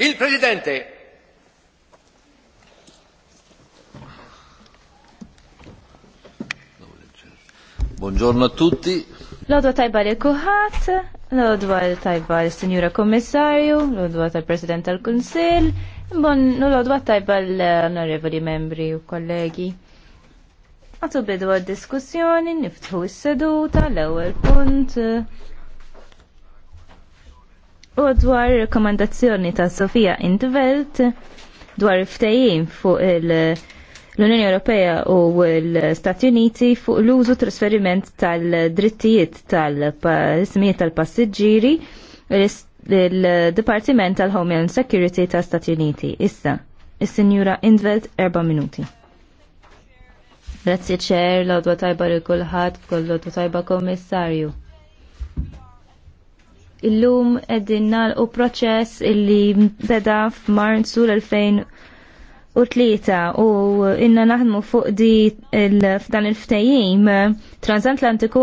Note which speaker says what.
Speaker 1: Il-Presidente.
Speaker 2: Buongiorno a tutti.
Speaker 3: Lodo tajba li kuħat, lodwa tajba li Signora Kommissarju, lodwa tal President tal-Kunsil, bon, lodwa tajba l-onorevoli membri u kollegi. Għatu bidu għad-diskussjoni, niftħu s-seduta, l-ewel punt, U dwar rekomendazzjoni ta' Sofija Intvelt dwar il-ftejim fuq l-Unjoni Ewropea u l-Stati Uniti fuq l-użu trasferiment tal-drittijiet tal-ismijiet tal-passiġġieri l-Departiment tal-Homeland Security ta' Stati Uniti. Issa, is-Sinjura Intvelt erba' minuti. Grazzi ċer, l għadwa tajba li kullħat, kollu tajba komissarju illum qegħdin nagħlqu proċess illi beda f'Marzu l-2003 u inna naħdmu fuq di il f'dan il ftajim transatlantiku